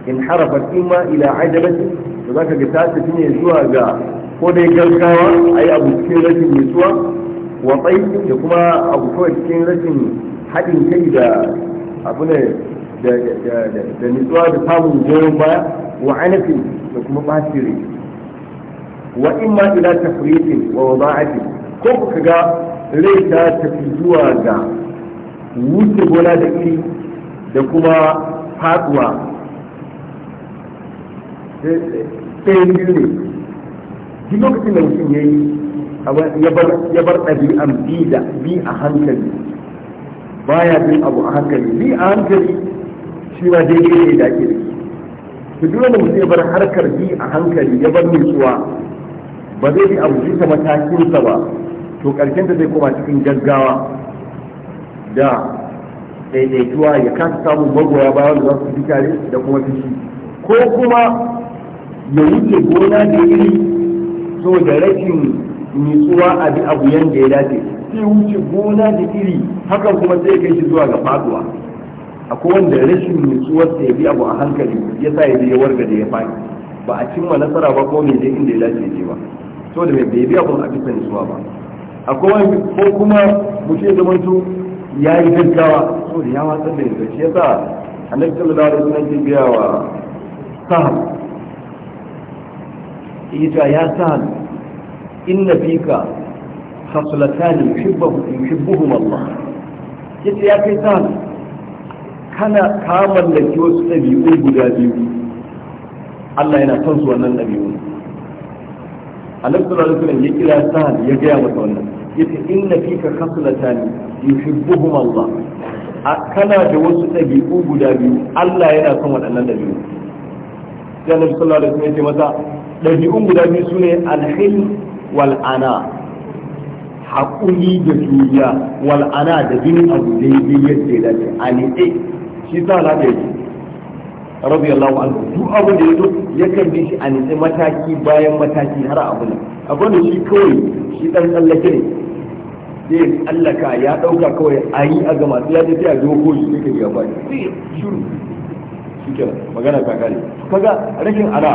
in harafat ima ila ajalati da zaka ga ta tafi ne zuwa ga ko dai gaggawa ayi abu cikin rashin nutsuwa wa da kuma abu kawai cikin rashin haɗin kai da abu ne da nutsuwa da samun goyon baya wa anafin da kuma basiri wa in ma ila tafriqin wa wada'ati ko ka ga rai ta tafi zuwa ga wuce gona da iri da kuma faduwa sai biyu ne duk lokacin da mutum ya yi ya bar ɗabi'an bi a hankali baya bin abu a hankali bi a hankali shi ma daidai ne da ake da shi duk wanda mutum ya bar harkar bi a hankali ya bar nutsuwa ba zai bi abu bisa matakinsa ba to karshen ta zai koma cikin gaggawa da daidaituwa ya kasa samun magoya bayan da za su fi tare da kuma fishi ko kuma ya wuce gona da iri so da rashin nutsuwa a bi abu yanda ya dace sai wuce gona da iri hakan kuma sai kai shi zuwa ga faduwa akwai wanda rashin nutsuwar sa ya bi abu a hankali ya sa ya je ya warga da ya faɗi ba a cimma nasara ba ko me je inda ya dace je ba to da bai bi abu a bisa nutsuwa ba akwai wani ko kuma mutum ya zamanto ya yi gaggawa so da ya watsar da yanzu shi yasa annabi sallallahu alaihi wasallam ke gaya wa sahan ita ya sahan inna fika khaslatani yuhibbuhum Allah ya kai san kana ka wasu ɗabi'u guda biyu Allah yana son su wannan ɗabi'u Annabi sallallahu alaihi wasallam ya kira san ya gaya masa wannan yace inna fika khaslatani yuhibbuhum Allah kana da wasu ɗabi'u guda biyu Allah yana son waɗannan ɗabi'u sai ya ce biyu sune alhil wal haƙuri da juriya wal'ana da bin abu dai-dai yadda ya dace a nitse shi sa na da yake radiyallahu anhu duk abu da ya zo yakan bi shi a nitse mataki bayan mataki har abu ne, abu da shi kawai shi dan tsallake ne sai tsallaka ya ɗauka kawai a yi a gama sai ya tafi ya zo ko shi kake ya ba shi shiru shi kenan magana ta kare kaga rashin ana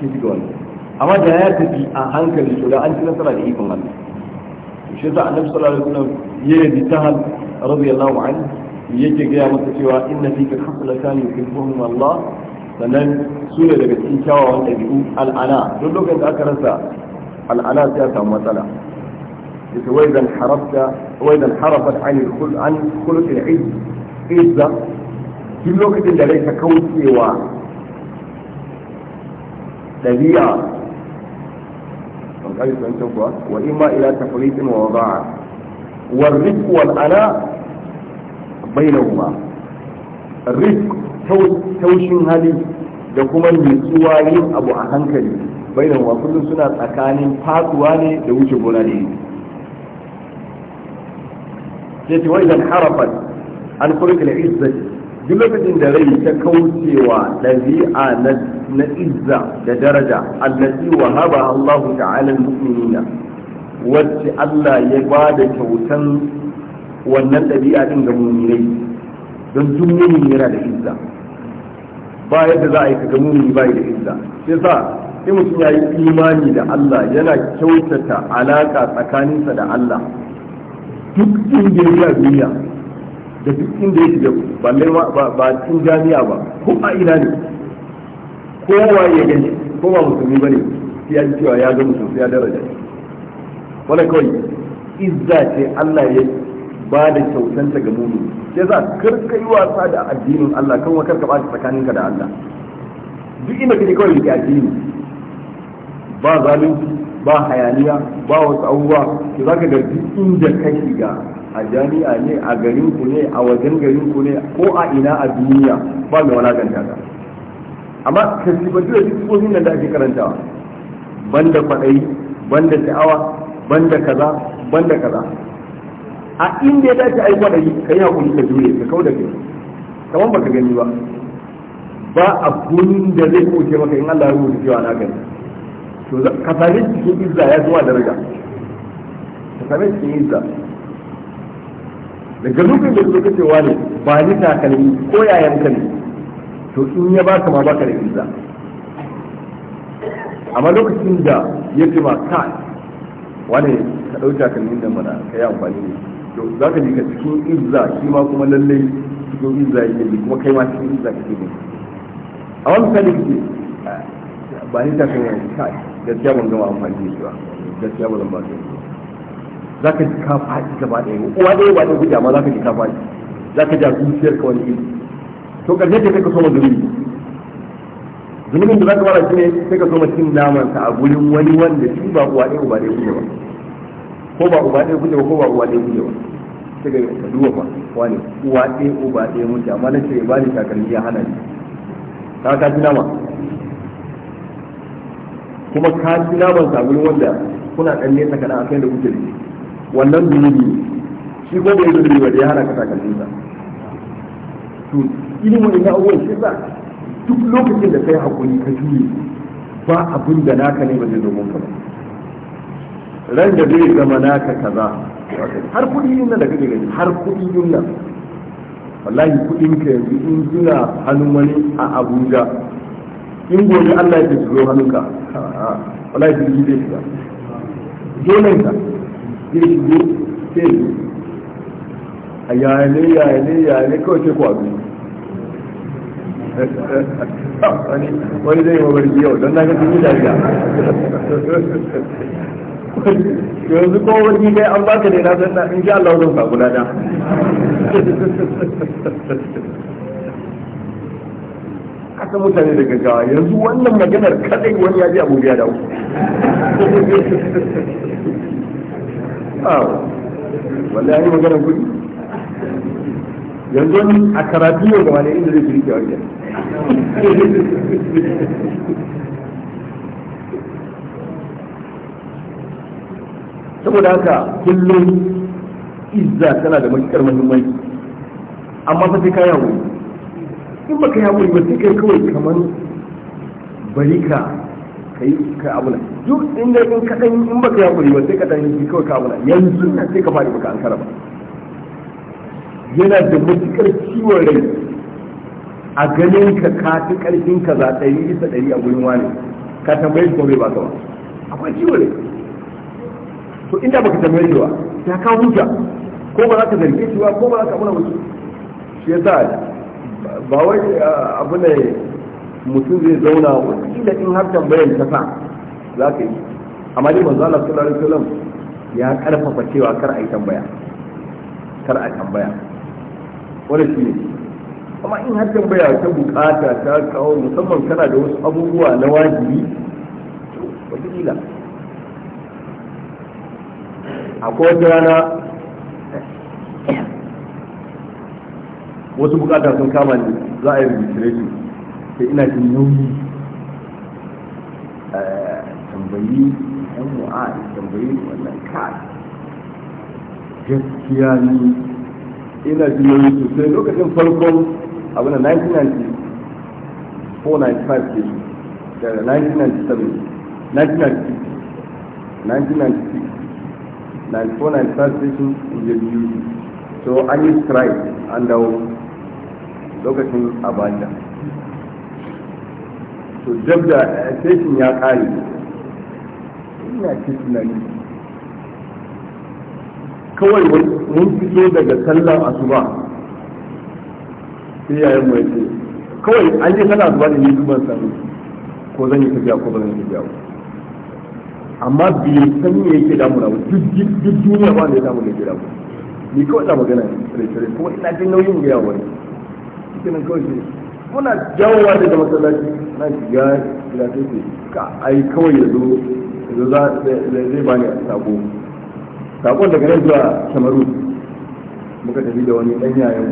ke shiga wannan amma da ya tafi a hankali to da an ci nasara da ikon Allah shi za a nabi sallallahu alaihi wasallam ya yi tahal radiyallahu anhu yake gaya masa cewa inna fika khaslatan yuhibbuhum Allah sannan su ne daga cikin kyawawan ɗabi'u al'ana don lokacin da aka rasa al'ana sai a samu matsala yake waidan harafta waidan harafat an kul an kulul izza duk lokacin da rai ta kaucewa ɗabi'a misali tsancin kuwa wa ana bainahuma rizq da kuma nutsuwa yin abu a hankali bainahuma suna tsakanin fatuwa ne da wuce harafat an duk lokacin da rai ta kaucewa ɗabi'a na izza da daraja allati wa haba Allah ta'ala mu'minina wacce Allah ya ba da kyautan wannan ɗabi'a din ga mu'minai don duk mu'min yana da izza ba yadda za a yi ka ga mu'min ba da izza sai sa sai mutum ya yi imani da Allah yana kyautata alaka tsakaninsa da Allah duk inda ya duniya da duk inda ya shiga balle ba cikin jami'a ba ko a ina ne wa ya gani ko ba musulmi ba ne sai ya cewa ya ga musulmi ya daraja wala kawai izza ce Allah ya ba da kyautanta ga mumin sai za karka yi wasa da addinin Allah kan wa ka ba tsakaninka da Allah duk inda kake kawai da addini ba zalunci ba hayaniya ba wasu abubuwa to zaka ga duk inda ka shiga a jami'a ne a garin ku ne a wajen garin ku ne ko a ina a duniya ba mai ganta ka amma ka sifatu da sifofin nan da ake karantawa banda kwaɗayi banda sha'awa banda kaza banda kaza a inda ya dace ai kwaɗayi ka yi hakuri ka jure ka kau da kai kamar baka gani ba ba a kunin da zai ce maka in Allah ya rubuta cewa na gani to ka same cikin izza ya zuwa daraja ka same cikin izza daga lokacin da suka cewa ne ba ni takalmi ko yayan ka ne to in ya ba ka ma ba ka da iza amma lokacin da ya ce ma ka wani ka ɗau takalmin da mana ka yi amfani ne to za ka ji ka cikin iza shi ma kuma lallai cikin iza yake ne kuma kai ma cikin izza kake ne a wani ka ce ba ni takalmin ka gaskiya ban gama amfani da shi ba gaskiya ba zan ba za ka ji ka faɗi gaba ɗaya uwa ɗaya ba ɗaya guda ma za ka ji ka faɗi za ka ja zuciyar ka wani iri to ƙarshe ka kai ka soma zunubi zunubin da za ka fara shi ne sai ka soma cin ka a gurin wani wanda shi ba uwa ɗaya ba ɗaya guda ba ko ba uba ɗaya guda ba ko ba uwa ɗaya guda ba sai ka ka duba ba wani uwa ɗaya uba ɗaya mutu ma na ce ba ni takalmi ya hana ni ka ka ci nama kuma ka ci namansa a gurin wanda kuna ɗan nesa kana a kai da kuke da shi wannan zunubi shi ko bai zunubi ba da ya hana kasa kan sa to ilimin ina abubuwan shi sa duk lokacin da kai hakuri ka juye ba abin da naka ne ba zai zo ka ba ran da zai zama naka kaza har kuɗi yin nan da kake gani har kuɗi yin nan wallahi kuɗin ka yanzu in suna hannun wani a abuja in gobe allah ya ce su zo hannunka wallahi jirgi zai shiga dole ka zai shigo sai zo a yayane yayane yayane kawai sai kwazo wani zai mabarki yau don naga sun yi dariya yanzu kuma wani kai an baka ne na san na in sha Allah zan samu lada kasan mutane da gaggawa yanzu wannan maganar kadai wani ya ji abu biya da wanda ya yi magana kudi yanzu a karatu yau gaba ne inda zai fi rike wajen saboda haka kullum izza tana da matuƙar muhimmanci amma fa sai ka yawo in baka yawo ba sai kai kawai kamar barika. kai ka abuna duk in dai in kadan in baka ya kuri ba sai ka dan yi kawai ka abuna yanzu na sai ka fadi baka ankara ba yana da matukar ciwon rai a ganin ka ka ta karfin ka za yi isa ɗari a gurin wani ka tambaye ko bai baka ba akwai ciwon rai to inda baka tambaye shi ba ta ka huta ko ba za ka zarge shi ba ko ba za ka abuna wasu shi yasa ba wai abu ne mutum zai zauna wakila in har tambayar ta sa za ka yi amma dai manzo Allah sallallahu alaihi wasallam ya karfafa cewa kar a yi tambaya kar a tambaya wanda shi ne amma in har tambaya ta bukata ta kawo musamman kana da wasu abubuwa na wajibi to wakila akwai wata rana wasu bukata sun kama ni za a yi registration sai ina jin nauyi a eh, tambayi yan wa'a tambayi wannan kai gaskiya ni ina jin nauyi sosai lokacin farkon abu na 1994-95 ke da 1997 1996 1996 94-95 station in the so an yi strike an dawo lokacin abanda to dab da eh, ya kare ina ce tunani kawai mun fito daga sallar asuba sai yayin mu yace kawai an yi sallar asuba da ni ban sami ko zan yi tafiya ko zan yi tafiya amma biyu san me yake damu na duk duk duniya ba ne damu ne ke damu ni kawai da magana ne kuma ina jin nauyin ga yawa ne kawai muna jawowa daga masallaci na shiga da sai ce ka ai kawai ya zo yanzu zai bani sako sakon daga nan zuwa kamaru muka tafi da wani dan yayin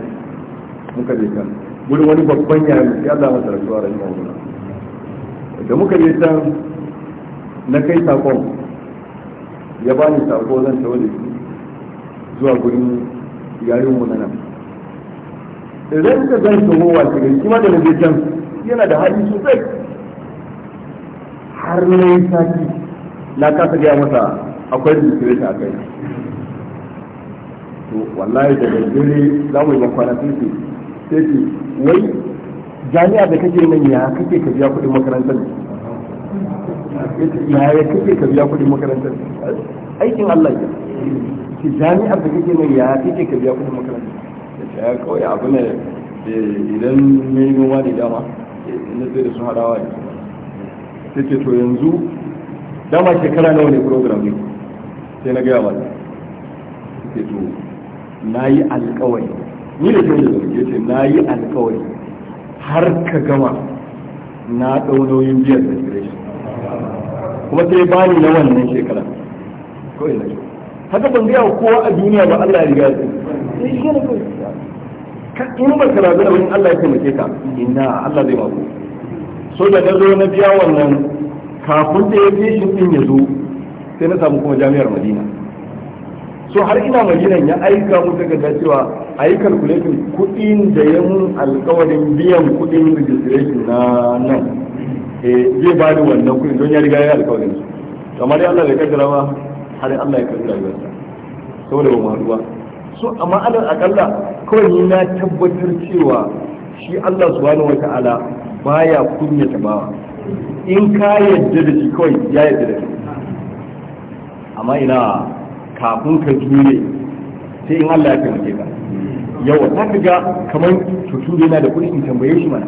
muka je kan gurin wani babban yayin ya Allah masa rasuwa rahimahullah da muka je can na kai sakon ya bani sako zan tawo da shi zuwa gurin yayin mu na nan idan ka zan su gowa su kima kuma da nabi can yana da hali sosai har na yi sati na kasa gaya masa akwai rubutu a kai to wallahi da dangare za mu yi makwana sai ce sai ce wai jami'a da kake nan ya kake ka biya kuɗin ne ya ya kake ka biya kuɗin makarantar aikin Allah ya ce jami'ar da kake nan ya kake ka biya kuɗin makaranta. ya kawai abu ne idan mai wani ne dama inda sai da sun hada wani, sai ce to yanzu dama shekara nawa ne program ne sai na gaya su sai to na yi alkawari ni da kyau da zarge ce na yi alkawari har ka gama na ɗau nauyin biyan restoration kuma sai ba ni na wannan shekara kawai na haka ban gaya kowa a duniya ba Allah ya riga ya sai shi ne kawai in ba ka rabu da wani Allah ya taimake ka inna Allah zai mako so na zo na biya wannan kafin da ya je shi ya zo sai na samu kuma jami'ar Madina so har ina Madinan ya aika mu daga da cewa yi calculating kuɗin da ya mun alƙawarin biyan kuɗin registration na nan eh, zai ba ni wannan kuɗin don ya riga ya alƙawarin su kamar dai Allah bai kaddara ba har Allah ya kaddara rayuwarsa saboda ba mu haɗu ba so amma ana akalla kawai ni na tabbatar cewa shi Allah subhanahu wata'ala baya kunyata bawa in ka yadda da shi kawai ya yadda da shi amma ina kafin ka jure sai in Allah ya taimake ka yawa ta kaga kamar tutu da yana da kuɗi in tambaye shi mana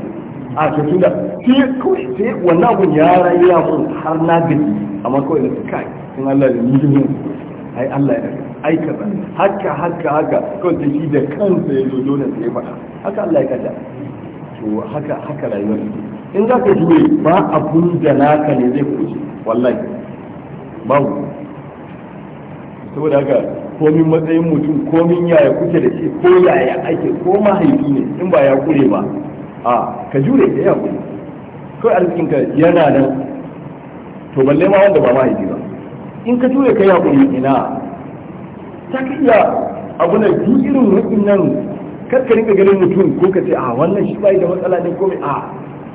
a tutu da sai kawai sai wannan abun ya rayu ya mun har na gaji amma kawai da kai in Allah ya ni ai Allah ya taimake ai kaza haka haka haka kawai ta shi da kansa ya zo dole sai yi faɗa haka Allah ya kaddara to haka haka rayuwar in za ka juye ba abun da naka ne zai kuce wallahi babu saboda haka komin matsayin mutum komin yaya kuke da shi ko yaya ake ko mahaifi ne in ba ya kure ba a ka jure ka ya kure kawai arzikinka yana nan to balle ma wanda ba mahaifi ba in ka jure ka ya kure ina ta ka iya abu na duk irin rukun nan karka rinka ganin mutum ko ka ce a ah, wannan shi bai da matsala ne ko mai ah,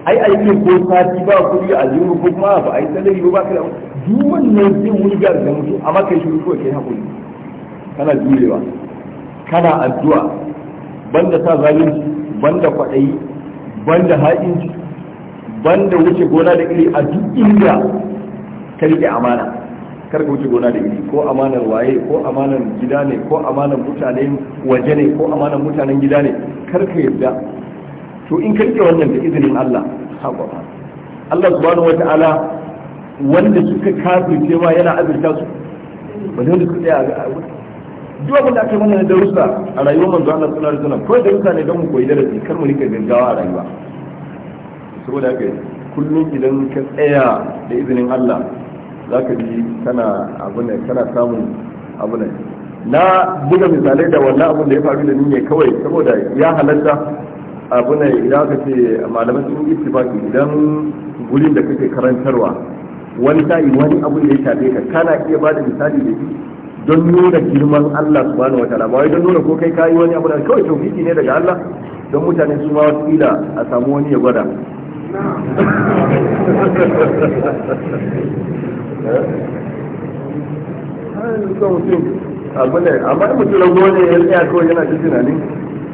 a ai ne ko sati ba ku yi a jiru ko kuma ah, ba ai salari ba ka da duk wannan zai ga da mutum amma kai shiru ko kai hakuri kana jurewa kana addu'a banda sa zalunci banda kwaɗayi banda ha'inci banda wuce gona da iri a duk inda ka rike amana kar ka wuce gona da iri ko amanar waye ko amanar gida ne ko amanar mutanen waje ne ko amanar mutanen gida ne kar ka to in karke wannan da izinin Allah ba. Allah subhanahu wata'ala wanda suka kafirce cewa yana azurta su ba da suka tsaya a duk abin da aka mana da darussa a rayuwar manzo Allah sallallahu alaihi wasallam kawai darussa ne don mu koyi darasi kar mu rika gaggawa a rayuwa saboda haka kullum idan ka tsaya da izinin Allah za ka ji kana ne kana samun ne na buga misalai da wannan abun da ya faru da ni ne kawai saboda ya halatta ne idan ka ce malaman sun yi tibaki idan gurin da kake karantarwa wani sa'i wani abun da ya shafe ka kana iya ba da misali da shi don nuna girman Allah subhanahu wa ta'ala ba wai don nuna ko kai kayi wani abu da kawai tauhidi ne daga Allah don mutane su ma wasila a samu wani ya gwada abu ne amma in mutum rago ne ya tsaya kawai yana ta tunani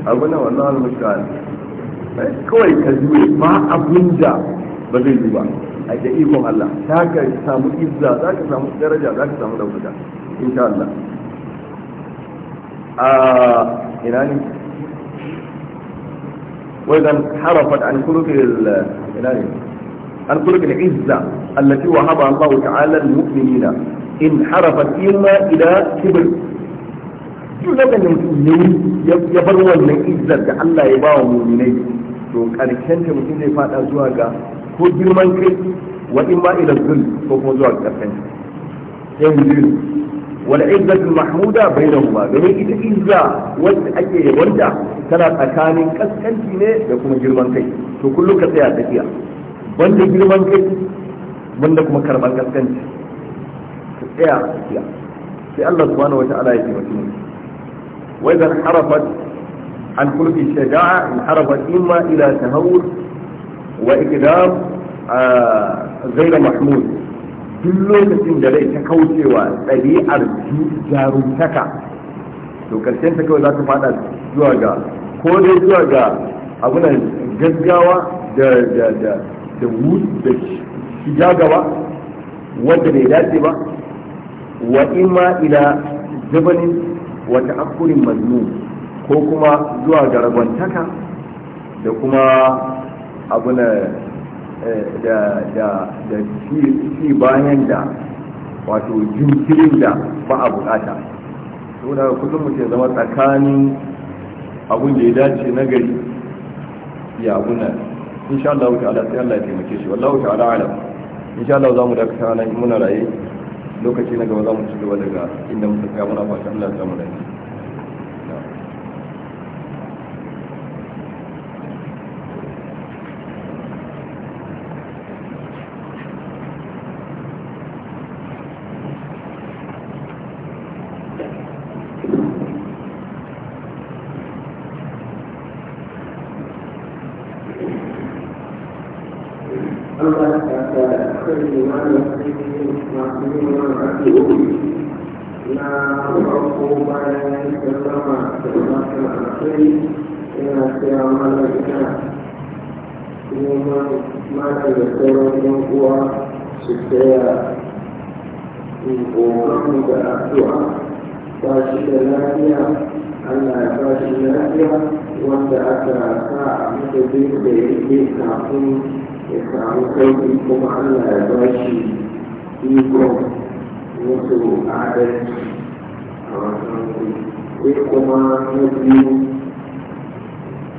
abu ne wannan almushkal kawai ka juye ba abin da ba zai yi ba a da ikon Allah ta ka samu izza za ka samu daraja za ka samu ɗaukaka insha Allah a ina ne wai harafat an kuru ina ne الخلق العزة التي وهبها الله تعالى للمؤمنين انحرفت إما إلى كبر duk lokacin mutum ya bar wannan izzar da Allah ya ba wa muminai to karshen ta mutum zai fada zuwa ga ko girman kai wa in ma ila zul ko kuma zuwa ga karshen yanzu wal izzatu mahmuda bainahuma domin ita izza wacce ake yabonta tana tsakanin kaskanci ne da kuma girman kai to kullum ka tsaya tafiya wanda girman kai wanda kuma karɓar kaskanci su tsaya a tsakiya sai Allah subhanahu wata'ala ya taimaki mu wa idan harafat an kulli shaja'a in harafat imma ila tahawur wa ikdam ghayra mahmud duk lokacin da rai ta kaucewa ɗabi'ar jarumtaka. to karshen ta kawai za ta fada zuwa ga ko dai zuwa ga abunan gaggawa da da da shiga gaba wanda bai dace ba wa imma ila zabanin wa ta'akkurin mazmum ko kuma zuwa ga ragwantaka da kuma abu eh, da da da shi bayan da wato jinkirin da ba a bukata saboda kullum muke zama tsakanin abun da ya dace na gari ya abunan insha Allah ta'ala sai Allah ya taimake shi wallahu ta'ala alam insha Allah za mu dakata nan muna raye lokaci na gaba za mu ci gaba daga inda muka kai muna fatan Allah ya samu lafiya na farko bayan sallama da mata yana tsaya mana ita neman mata da sauran yan uwa da lafiya Allah ya lafiya wanda aka sa a mata kafin ya samu sauƙi kuma Allah ya ba musu adalci a wasan sai kuma na biyu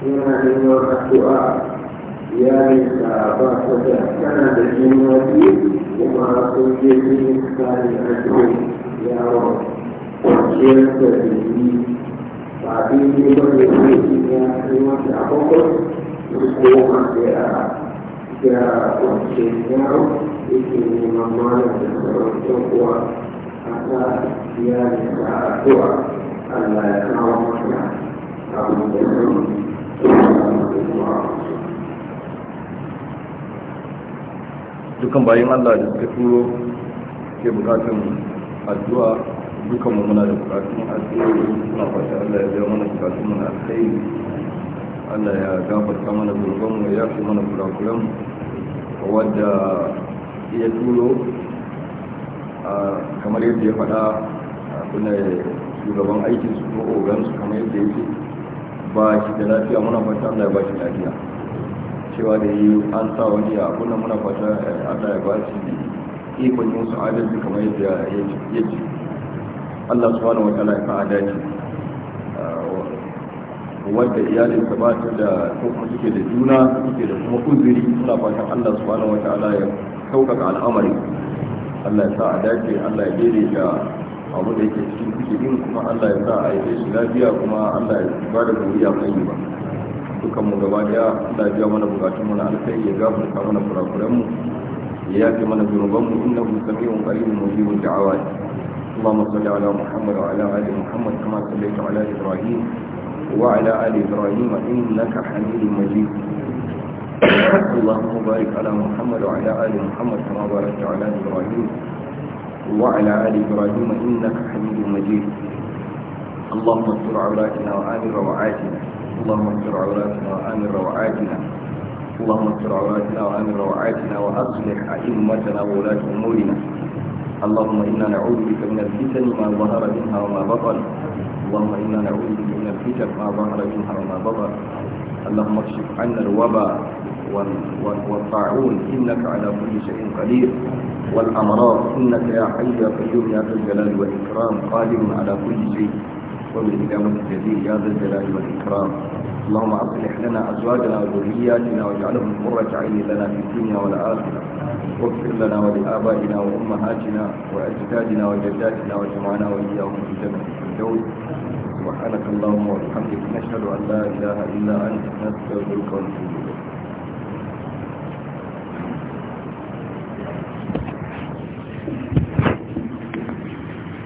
yana neman addu'a iyalinka ba ta da tana da juna biyu kuma sun je sun yi tsari addu'o'i yawon kwanciyar da biyu ba daidai ba ne sai ya kai mata a bakwai su koma da kwanciyar yawon yake da dukan bayan Allah da suka turo ke bukatun addu'a dukan muna da bukatun addu'a suna fata Allah ya zai mana bukatun mana kai Allah ya gafarta mana zurban mu ya fi mana kurakuranmu wadda iya turo kamar yadda ya fada suna shugaban aikin su ko ogansu kamar yadda ya ce ba shi da lafiya muna fata Allah ya ba shi lafiya cewa da yi an sa wani a kuna muna fata eh, Allah ya ba shi ikon yin su adalci kamar yadda ya ce Allah su wani wata ya fa adalci wanda iyalinsa ba ta da kuma suke da juna suke da kuma kuziri suna fata Allah su wani wata ya sauƙaƙa al'amari Allah ya sa a dace Allah ya jere ga abu da yake cikin kujirin kuma Allah ya sa a yi shi lafiya kuma Allah ya ba da duniya kan yi ba dukkan mu gaba daya Allah ya biya mana bukatun mu na alkai ya gafarta mana kurakuran mu ya yafe mana zunuban mu inna innahu sami'un qaribun mujibud da'awat اللهم صل على محمد وعلى ال محمد كما صليت على ابراهيم وعلى ال ابراهيم انك حميد مجيد اللهم بارك على محمد وعلى آل محمد كما باركت على إبراهيم وعلى آل إبراهيم إنك حميد مجيد اللهم استر عوراتنا وآمن روعاتنا اللهم استر عوراتنا وآمن روعاتنا اللهم استر عوراتنا وآمن روعاتنا وأصلح أئمتنا وولاة أمورنا اللهم إنا نعوذ بك من الفتن ما ظهر منها وما بطن اللهم إنا نعوذ بك من الفتن ما ظهر منها وما بطن اللهم اكشف عنا الوباء والطاعون إنك على كل شيء قدير والأمراض إنك يا حي يا قيوم يا ذا الجلال والإكرام قادر على كل شيء وبالإجابة الجديد يا ذا الجلال والإكرام اللهم أصلح لنا أزواجنا وذرياتنا واجعلهم قرة عين لنا في الدنيا والآخرة واغفر لنا ولآبائنا وأمهاتنا وأجدادنا وجداتنا وجمعنا وإياهم في جنة الفردوس سبحانك اللهم وبحمدك نشهد أن لا إله إلا أنت نستغفرك ونتوب إليك